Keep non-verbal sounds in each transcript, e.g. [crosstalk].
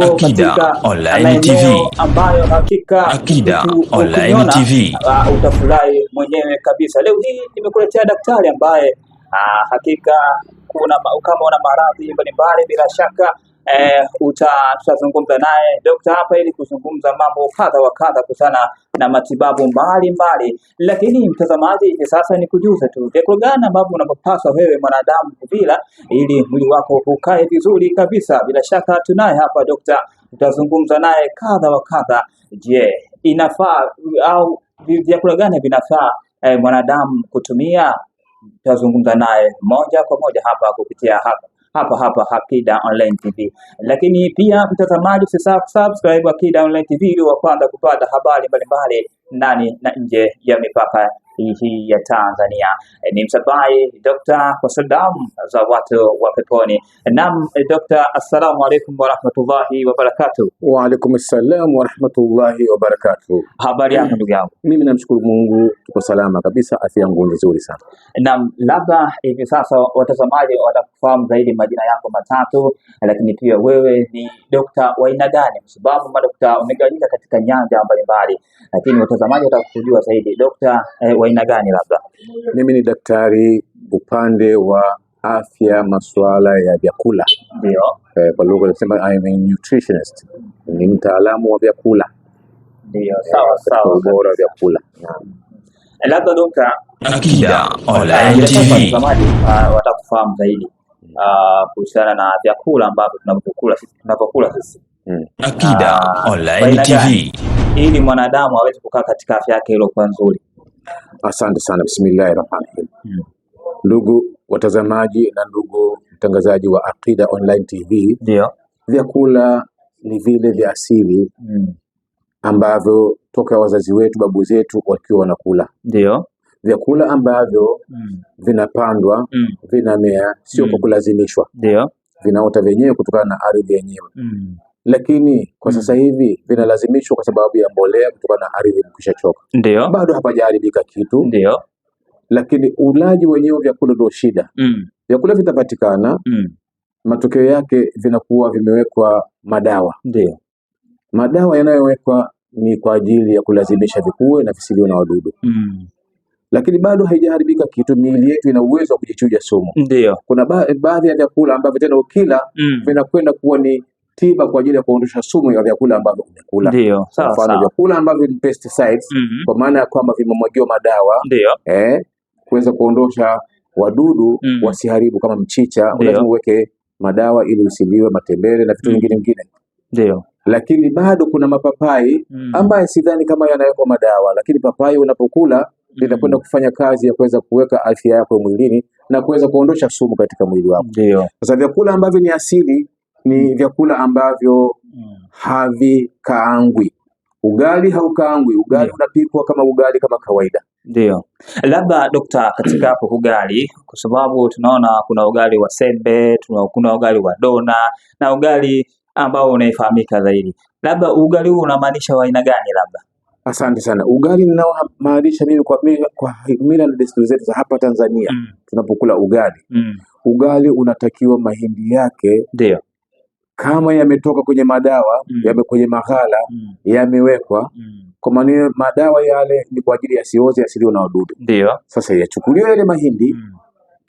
Akida Online TV, ambayo hakika Akida Online TV ah, utafurahi mwenyewe kabisa. Leo hii nimekuletea daktari ambaye ah, hakika kuna kama una maradhi mbalimbali, bila shaka eh, tutazungumza naye dokta hapa ili kuzungumza mambo kadha wa kadha kuhusiana na matibabu mbalimbali. Lakini mtazamaji, hivi sasa ni kujuza tu vyakula gani ambavyo unapopaswa wewe mwanadamu kuvila ili mwili wako ukae vizuri kabisa. Bila shaka tunaye hapa daktari, tutazungumza naye kadha wa kadha. Je, inafaa au vyakula gani vinafaa eh, mwanadamu kutumia? Tutazungumza naye moja kwa moja hapa kupitia hapa hapa hapa hakida Online TV. Lakini pia mtazamaji, usisahau subscribe Akida Online TV ili wa kwanza kupata habari mbalimbali ndani na nje ya mipaka hii ya Tanzania. E, ni msabai Dr. kwa za watu wa peponi. Naam e, Dr. assalamu alaykum wa rahmatullahi Wa barakatuh. Wa alaykum assalam wa rahmatullahi wa barakatuh. Habari yako ndugu yangu? Mimi namshukuru Mungu, tuko salama kabisa, afya yangu nzuri sana. Naam, labda hivi sasa watazamaji watakufahamu zaidi majina yako matatu, lakini pia wewe ni dokta wa aina gani? Kwa sababu madokta umegawanyika katika nyanja mbalimbali, lakini watazamaji watakujua zaidi dokta eh, wa aina gani? Labda mimi ni daktari upande wa afya, masuala ya vyakula ndio. Eh, kwa lugha nasema I am a nutritionist, ni mtaalamu wa vyakula ndio. Sawa sawa, ubora wa vyakula labda dokta, Akida Online TV ah, watakufahamu zaidi hmm. ah, kuhusiana na vyakula ambavyo tunavyokula sisi hmm. Akida ah, Online TV, ili mwanadamu aweze kukaa katika afya yake iliyokuwa nzuri. Asante sana, bismillahi rahmani rahim. Hmm. Ndugu watazamaji na ndugu mtangazaji wa Aqida Online TV, ndio vyakula ni vile vya asili mm. ambavyo toka wazazi wetu babu zetu wakiwa wanakula, ndio vyakula ambavyo mm. vinapandwa mm. vinamea, sio mm. kwa hmm. kulazimishwa, ndio vinaota vyenyewe kutokana na ardhi yenyewe mm lakini kwa hmm. sasa hivi vinalazimishwa kwa sababu ya mbolea kutokana na ardhi kushachoka. Ndio, bado hapajaharibika kitu. Ndio, lakini ulaji wenyewe vyakula ndio shida. Mm. Vyakula vitapatikana. Mm. Matokeo yake vinakuwa vimewekwa madawa. Ndio, madawa yanayowekwa ni kwa ajili ya kulazimisha vikue na visivyo na wadudu. Mm. Lakini bado haijaharibika kitu. Miili yetu ina uwezo wa kujichuja sumu. Ndio, kuna ba baadhi ya vyakula ambavyo tena ukila mm. vinakwenda kuwa ni tiba kwa ajili ya kuondosha sumu ya vyakula ambavyo umekula. Ndio, sawa sawa. Vyakula ambavyo ni pesticides mm -hmm. kwa maana ya kwamba vimemwagiwa madawa eh, kuweza kuondosha wadudu mm -hmm. wasiharibu kama mchicha, lazima uweke madawa ili usiliwe matembele na vitu mhm. vingine mm -hmm. vingine. Ndio. Lakini bado kuna mapapai mm -hmm. ambayo sidhani kama yanawekwa madawa, lakini papai unapokula mhm. linakwenda kufanya kazi ya kuweza kuweka afya yako mwilini na kuweza kuondosha sumu katika mwili wako. Sasa vyakula ambavyo ni asili ni mm. vyakula ambavyo mm. havikaangwi. Ugali haukaangwi, ugali unapikwa kama ugali kama kawaida. Ndio, labda dokta, katika hapo ugali, kwa sababu tunaona kuna ugali wa sembe, kuna ugali wa dona na ugali ambao unaifahamika zaidi, labda ugali huu unamaanisha wa aina gani? Labda asante sana. Ugali ninaomaanisha mimi kwa kwa mila na desturi zetu za hapa Tanzania mm. tunapokula ugali mm. ugali unatakiwa mahindi yake ndio kama yametoka kwenye madawa mm. yame kwenye maghala mm. yamewekwa mm. kwa maana madawa yale ni kwa ajili yasioze asiliwe na wadudu. Ndio sasa yachukuliwe yale mahindi mm.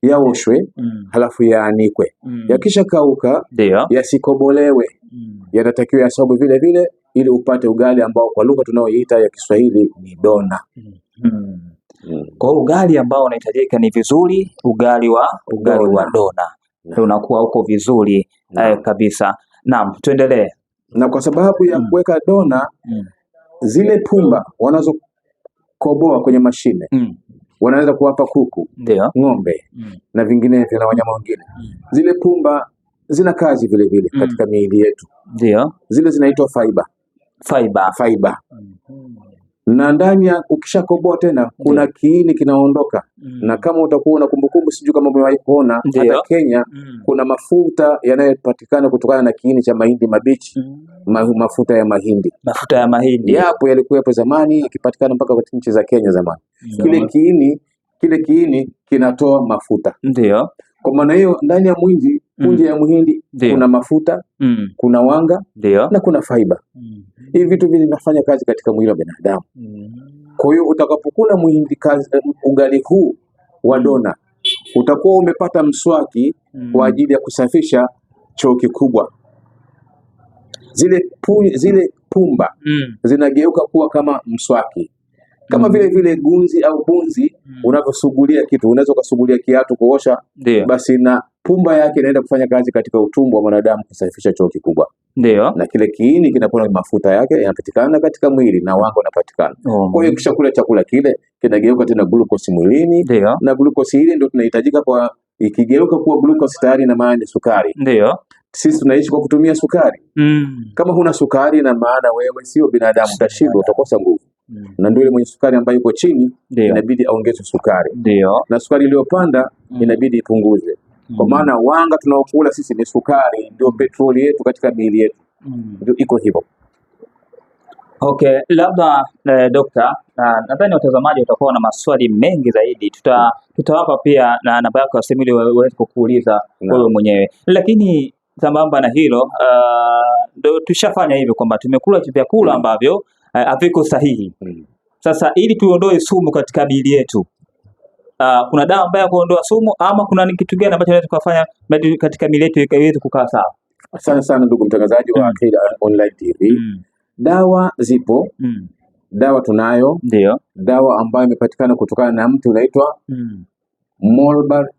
yaoshwe mm. halafu yaanikwe mm. yakisha kauka yasikobolewe mm. yanatakiwa yasogwe vile vile ili upate ugali ambao kwa lugha tunayoita ya Kiswahili ni dona mm. Mm. mm. Kwa ugali ambao unahitajika ni vizuri ugali wa ugali wa dona, dona. Mm. unakuwa uko vizuri eh, kabisa. Naam, tuendelee. Na kwa sababu ya mm. kuweka dona mm. zile pumba wanazokoboa kwenye mashine mm. wanaweza kuwapa kuku, ndio ng'ombe mm. na vinginevyo na wanyama wengine mm. zile pumba zina kazi vile vile mm. katika miili yetu, ndio zile zinaitwa fiber. Fiber. Fiber. Mm na ndani ya ukishakoboa tena kuna kiini kinaondoka mm. na kama utakuwa na kumbukumbu, sijui kama umewahi kuona hata Kenya mm. kuna mafuta yanayopatikana kutokana na kiini cha mahindi mabichi mm. ma, mafuta ya mahindi mafuta ya mahindi yapo, yalikuwepo zamani yakipatikana mpaka katika nchi za Kenya zamani mm. kile kiini kile kiini kinatoa mafuta. Ndio kwa maana hiyo ndani ya mwindi punje mm. ya muhindi Dio. kuna mafuta mm. kuna wanga Dio. na kuna faiba mm. hivi vitu vinafanya kazi katika mwili wa binadamu mm. kwa hiyo utakapokula muhindi kazi, eh, ugali huu wa mm. dona utakuwa umepata mswaki mm. kwa ajili ya kusafisha choo kikubwa. Zile, pu, zile pumba mm. zinageuka kuwa kama mswaki kama mm. vile vile gunzi au bunzi mm. unavyosugulia kitu, unaweza ukasugulia kiatu kuosha, basi na pumba yake inaenda kufanya kazi katika utumbo wa mwanadamu kusafisha choo kikubwa, ndio, na kile kiini kinapona mafuta yake yanapatikana katika mwili na wanga unapatikana. Oh, kwa hiyo kisha kula chakula kile kinageuka tena glukosi mwilini, na glukosi ile ndio tunahitajika kwa, ikigeuka kuwa glukosi tayari na maana ni sukari, ndio sisi tunaishi kwa kutumia sukari mm. Kama huna sukari, na maana wewe sio binadamu, utashindwa, utakosa nguvu mm. Na ndio ile mwenye sukari ambayo yuko chini inabidi aongeze sukari, ndio, na sukari iliyopanda mm. inabidi ipunguze kwa mm. maana wanga tunaokula sisi ni sukari, ndio mm. petroli yetu katika miili yetu, mm. ndio iko hivyo. Okay, labda eh, dokta, nadhani watazamaji watakuwa na maswali mengi zaidi, tuta tutawapa pia na namba yako ya simu ili waweze kukuuliza wewe mwenyewe, lakini sambamba na hilo ah, ndio uh, tushafanya hivyo kwamba tumekula vyakula ambavyo eh, haviko uh, sahihi. Sasa ili tuondoe sumu katika miili yetu uh, kuna dawa ambayo kuondoa sumu ama kuna ni kitu gani ambacho tunaweza katika mileto yetu ikaweze kukaa sawa? Asante sana ndugu mtangazaji wa Aqida mm. Online TV. Mm. Dawa zipo. Mm. Dawa tunayo. Ndio. Dawa ambayo imepatikana kutokana na mtu unaitwa mm. mulberry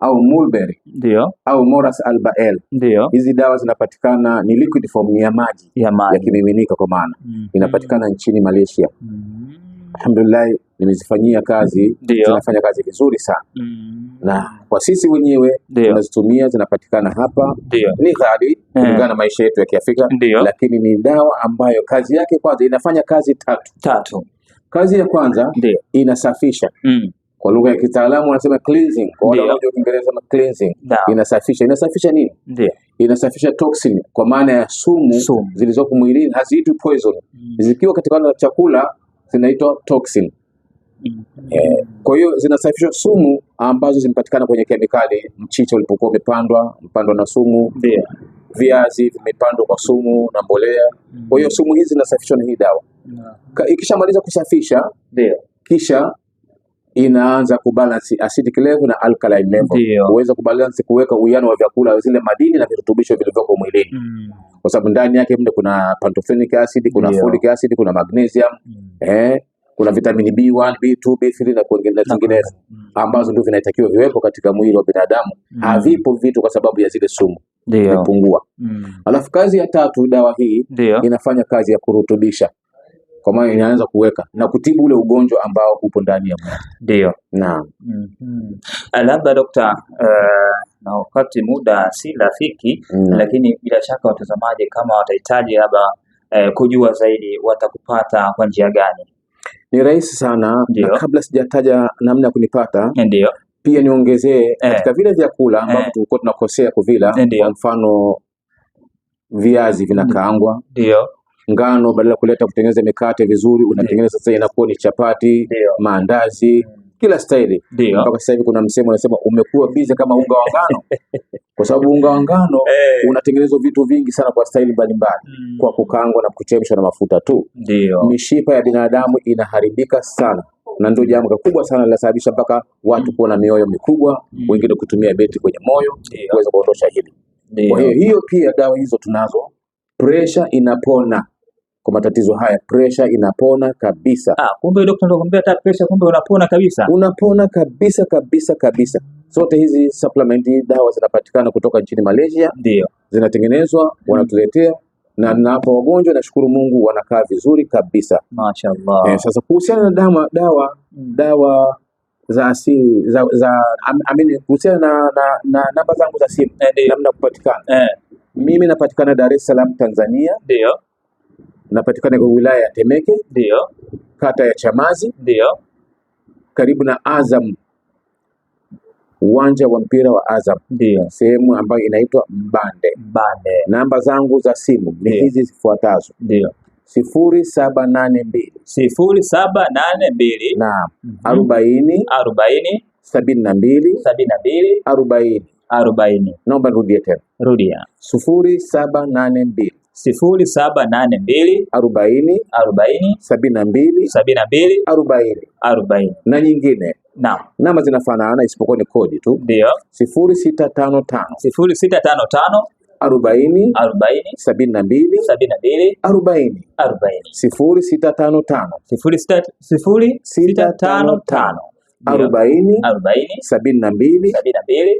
au mulberry. Ndio. Au moras albael. Ndio. Hizi dawa zinapatikana ni liquid form, ni ya maji ya, ya kimiminika kwa maana mm. inapatikana nchini Malaysia. Mm. Alhamdulillah nimezifanyia kazi Dio. zinafanya kazi vizuri sana mm. na kwa sisi wenyewe tunazitumia, zinapatikana hapa Dio. ni ghali eh. kulingana na maisha yetu ya Kiafrika, lakini ni dawa ambayo kazi yake kwanza inafanya kazi tatu tatu. Kazi ya kwanza Dio. inasafisha mm. Kwa lugha ya kitaalamu wanasema cleansing, kwa wale wa Kiingereza wanasema cleansing. Inasafisha, inasafisha nini? Dio. Inasafisha toxin kwa maana ya sumu, sumu zilizoko mwilini, haziitwi poison mm. zikiwa katika chakula zinaitwa toxin Eh, kwa hiyo zinasafishwa sumu ambazo zimepatikana kwenye kemikali. Mchicha ulipokuwa umepandwa mpandwa na sumu yeah. Viazi vimepandwa kwa sumu na mbolea mm. Kwa hiyo sumu hizi zinasafishwa na hii dawa yeah. Ikishamaliza kusafisha yeah. Kisha inaanza kubalansi acidic level na alkaline level kuweza kubalansi kuweka uwiano wa vyakula zile madini na virutubisho vilivyoko mwilini mm. Kwa sababu ndani yake mle kuna pantothenic acid, kuna folic acid, kuna magnesium mm. eh kuna vitamini B1, B2, B3 na kuongeza zinginezo mm. ambazo ndio vinatakiwa viwepo katika mwili wa binadamu mm. havipo vitu kwa sababu ya zile sumu imepungua. mm. Alafu kazi ya tatu dawa hii Dio. inafanya kazi ya kurutubisha, kwa maana inaanza kuweka na kutibu ule ugonjwa ambao upo ndani ya mwili. Ndio, naam. mm -hmm. Labda dokta, uh, na wakati muda si rafiki mm. lakini bila shaka watazamaji kama watahitaji labda uh, kujua zaidi watakupata kwa njia gani? ni rahisi sana Ndiyo. na kabla sijataja namna ya kunipata Ndiyo. pia niongezee eh. katika vile vyakula eh. ambavyo tulikuwa tunakosea kuvila, kwa mfano viazi vinakaangwa Ndiyo. ngano badala ya kuleta kutengeneza mikate vizuri unatengeneza sasa inakuwa ni chapati Ndiyo. maandazi Ndiyo mm kila staili. Mpaka sasa hivi kuna msemo unasema umekuwa bize kama unga wa ngano [laughs] kwa sababu unga wa ngano hey, eh. unatengenezwa vitu vingi sana kwa staili mbalimbali mm, kwa kukangwa na kuchemshwa na mafuta tu. Ndio mishipa ya binadamu inaharibika sana na ndio jambo kubwa sana linasababisha mpaka watu mm. kuwa na mioyo mikubwa mm, wengine kutumia beti kwenye moyo kuweza kuondosha hili. Kwa hiyo hiyo pia dawa hizo tunazo, presha inapona kwa matatizo haya, presha inapona kabisa. Ah, kumbe dokta ndio hata presha, kumbe unapona kabisa, unapona kabisa kabisa kabisa. Zote hizi supplement, dawa zinapatikana kutoka nchini Malaysia, ndio zinatengenezwa, wanatuletea na napo wagonjwa, nashukuru Mungu wanakaa vizuri kabisa, mashaallah. Eh, sasa kuhusiana na dawa dawa hmm. dawa za asili za, za I kuhusiana na namba na, namba zangu za simu eh, namna kupatikana eh. Mimi napatikana Dar es Salaam Tanzania, ndio napatikana kwa wilaya ya Temeke, ndio kata ya Chamazi, ndio karibu na Azam, uwanja wa mpira wa Azam, ndio sehemu ambayo inaitwa Mbande. Mbande. Namba zangu za simu ni hizi zifuatazo, ndio sifuri saba nane mbili sifuri saba nane mbili naam, mhm. arobaini arobaini sabini na mbili sabini na mbili arobaini arobaini. Naomba nirudie tena, rudia sifuri saba nane mbili sifuri saba nane mbili arobaini arobaini sabini na mbili sabini na mbili arobaini arobaini na nyingine na Namba zinafanana isipokuwa ni kodi tu. Ndio. sifuri sifuri sita sita tano tano tano tano arobaini arobaini sabini na mbili sabini na mbili arobaini arobaini sifuri sita tano tano sifuri sita sifuri sita tano tano arobaini sabini na mbili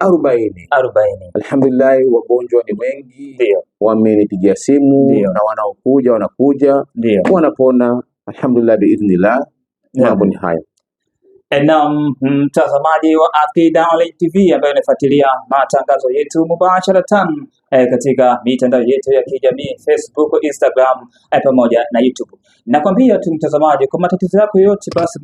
arobaini arobaini. Alhamdulillah, wagonjwa ni wengi, wamenipigia simu Dio. na wanaokuja wanakuja Dio. wanapona alhamdulillah, biidhnillah. Mambo ni hayo. Na mtazamaji wa Aqida Online TV ambayo inafuatilia matangazo yetu mubasharatan e, katika mitandao yetu ya kijamii Facebook, Instagram eh, pamoja na YouTube. Nakwambia tu mtazamaji, kwa matatizo yako yote basi